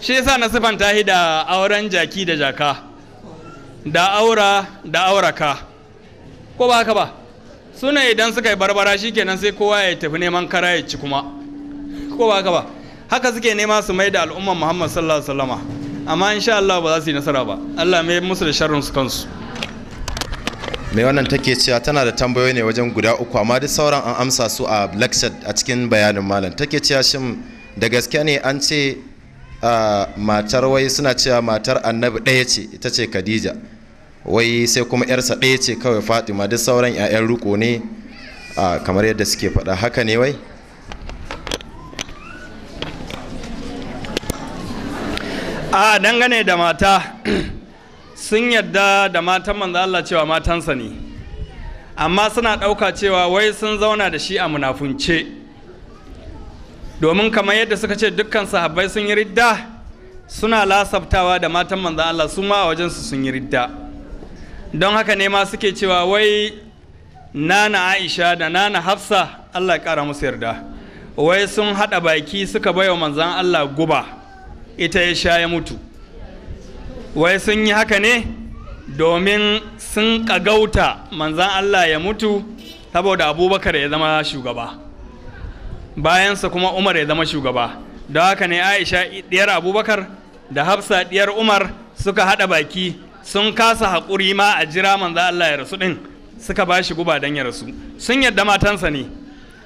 B: shi yasa na sifanta shi da auren jaki da jaka da aura da auraka ko ba haka ba suna idan suka yi barbara shikenan sai kowa ya tafi neman kara ya ci kuma ko ba haka ba haka suke nema su mai da al'umman muhammad sallallahu alaihi wasallama amma insha Allah ba za su yi nasara ba Allah mai musu da sharrin su kansu
C: mai wannan take cewa tana da tambayoyi ne wajen guda uku amma duk sauran an amsa su a black a cikin bayanin malam take cewa shin da gaske ne an ce matar wai suna cewa matar annabi ɗaya ce ita ce khadija wai sai kuma yarsa ɗaya ce kawai fatima duk sauran 'ya'yan riko ne kamar yadda suke faɗa haka ne wai
B: a dangane da mata sun yarda da matan manzo Allah cewa matansa ne amma suna ɗauka cewa wai sun zauna da shi a munafunce domin kamar yadda suka ce dukkan sahabbai sun yi ridda suna lasabtawa da matan manzo Allah su ma a wajensu sun yi ridda don haka ne ma suke cewa wai nana Aisha da nana Hafsa Allah ya kara musu yarda wai sun haɗa baki suka baiwa manzan Allah guba ita ya sha ya mutu wai sun yi haka ne domin sun ƙagauta manzan Allah ya mutu saboda abubakar ya zama shugaba bayansa kuma umar ya zama shugaba Da haka ne aisha ɗiyar abubakar da hafsa ɗiyar umar suka haɗa baki sun kasa haƙuri ma a jira manzan Allah ya rasu ɗin suka ba shi guba don ya rasu sun yadda matansa ne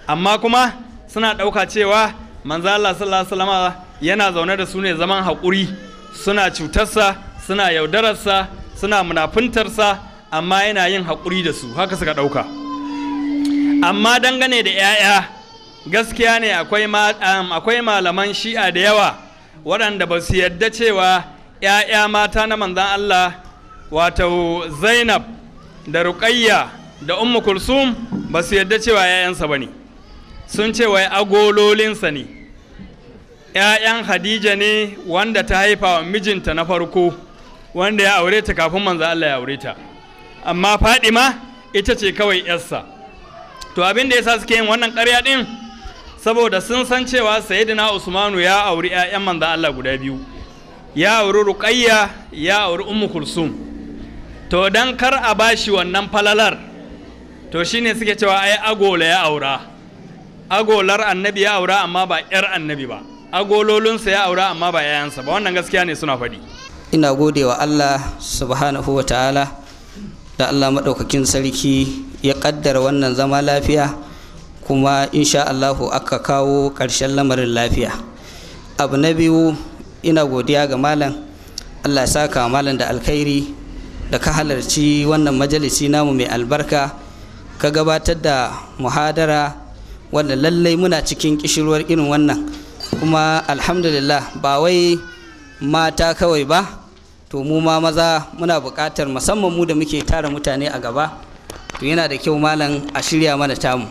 B: amma kuma suna ɗauka cewa manzan Allah sallallahu alaihi yana zaune da su ne zaman haƙuri suna cutarsa suna yaudararsa suna munafuntarsa amma yana yin haƙuri da su haka suka ɗauka amma dangane da 'ya'ya gaskiya ne akwai um, malaman shi'a da yawa waɗanda ba su yadda cewa 'ya'ya mata na manzan Allah wato zainab da ruƙayya da ummu kulsum ba su yadda cewa 'ya'yansa ba ne sun ce wai agololinsa ne ‘ya'yan Hadija ne wanda ta haifa wa mijinta na farko wanda ya aure ta kafin manzo Allah ya aure ta amma Fadima ita ce kawai yarsa to abin da yasa suke yin wannan ƙarya din saboda sun san cewa sayyidina Usmanu ya auri ƴaƴan manzo Allah guda biyu ya auri Ruqayya ya auri Ummu Kulsum to dan kar a bashi wannan falalar to shine suke cewa ai agola ya aura agolar annabi ya aura amma ba ƴar annabi ba agololinsa ya aura amma ba 'ya'yansa ba wannan gaskiya ne suna faɗi
A: ina gode wa Allah subhanahu wa ta'ala da Allah maɗaukakin sarki ya ƙaddara wannan zama lafiya kuma insha Allahu aka kawo ƙarshen lamarin lafiya abu na biyu ina godiya ga malam Allah ya saka malam da alkhairi da ka halarci wannan majalisi namu mai albarka ka gabatar da muhadara wanda lallai muna cikin kishirwar irin wannan kuma alhamdulillah ba wai mata kawai ba to mu ma maza muna buƙatar musamman mu da muke tara mutane a gaba to yana da kyau malam a shirya mana tamu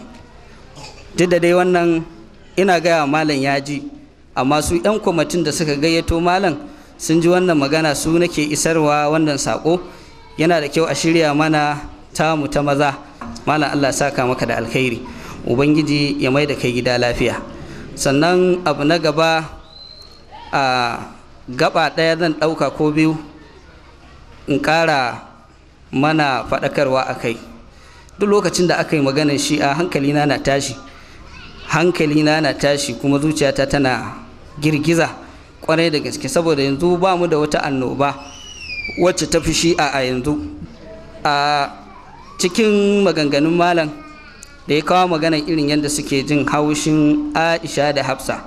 A: duk da dai wannan ina gaya malam ya ji amma su 'yan kwamitin da suka gayyato malam sun ji wannan magana su nake isarwa wannan sako yana da kyau a shirya mana tamu ta maza malam allah saka maka da alkhairi ubangiji ya mai da kai gida lafiya sannan abu na gaba a gaba ɗaya zan ɗauka ko biyu in ƙara mana faɗakarwa a kai duk lokacin da aka yi maganar a hankalina na tashi hankalina na tashi kuma zuciyata tana girgiza ƙwarai da gaske saboda yanzu ba mu da wata annoba wacce ta fi shi'a a yanzu a cikin maganganun malam da ya kawo maganar irin yadda suke jin haushin aisha da hafsa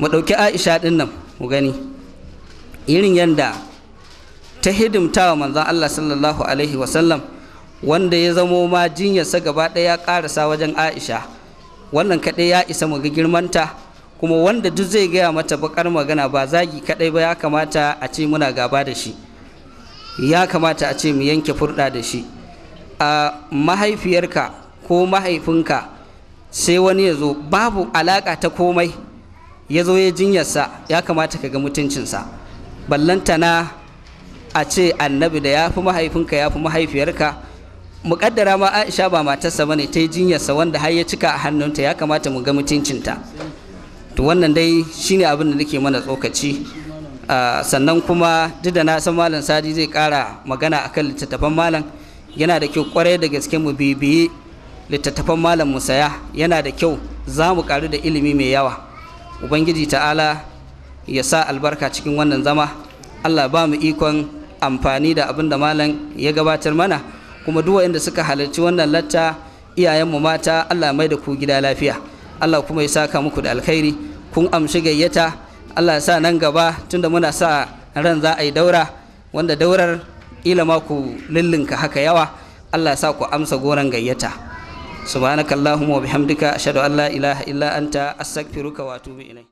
A: mu ɗauki aisha ɗin nan mu gani irin yadda ta hidimta wa manzon Allah sallallahu alaihi wasallam wanda ya zamo ma jinyarsa gaba ɗaya ya ƙarasa wajen Aisha wannan kaɗai ya isa mu ga girmanta kuma wanda duk zai gaya mata bakar magana ba zagi kaɗai ba ya kamata a ce muna gaba da shi ya kamata a ce mu yanke furɗa da shi a mahaifiyarka ko mahaifinka sai wani ya zo babu alaƙa ta komai ya zo ya jinyarsa ya kamata ka ga mutuncinsa ballantana a ce annabi da ya fi mahaifinka ya fi mahaifiyarka muƙaddara ma aisha ba matarsa ba ne ta yi jinyarsa wanda har ya cika a hannunta ya kamata mu ga mutuncinta to wannan dai shine abin da nake mana tsokaci sannan kuma duk da na san malam sadi zai kara magana akan littattafan malam yana da kyau kwarai da gaske mu bibiyi littattafan malam musaya yana da kyau za mu karu da ilimi mai yawa ubangiji ta'ala ya sa albarka cikin wannan zama Allah ba mu ikon amfani da abin da malam ya gabatar mana kuma duk waɗanda suka halarci wannan latta iyayenmu mata Allah mai da ku gida lafiya Allah kuma ya saka muku da alkhairi kun amshi gayyata Allah ya sa nan gaba tunda muna sa ran za a yi daura wanda daurar ila ma ku lillinka haka yawa Allah ya sa ku amsa goron gayyata subhanakallahumma wa bihamdika ashhadu an la ilaha illa anta astaghfiruka wa atubu ilayk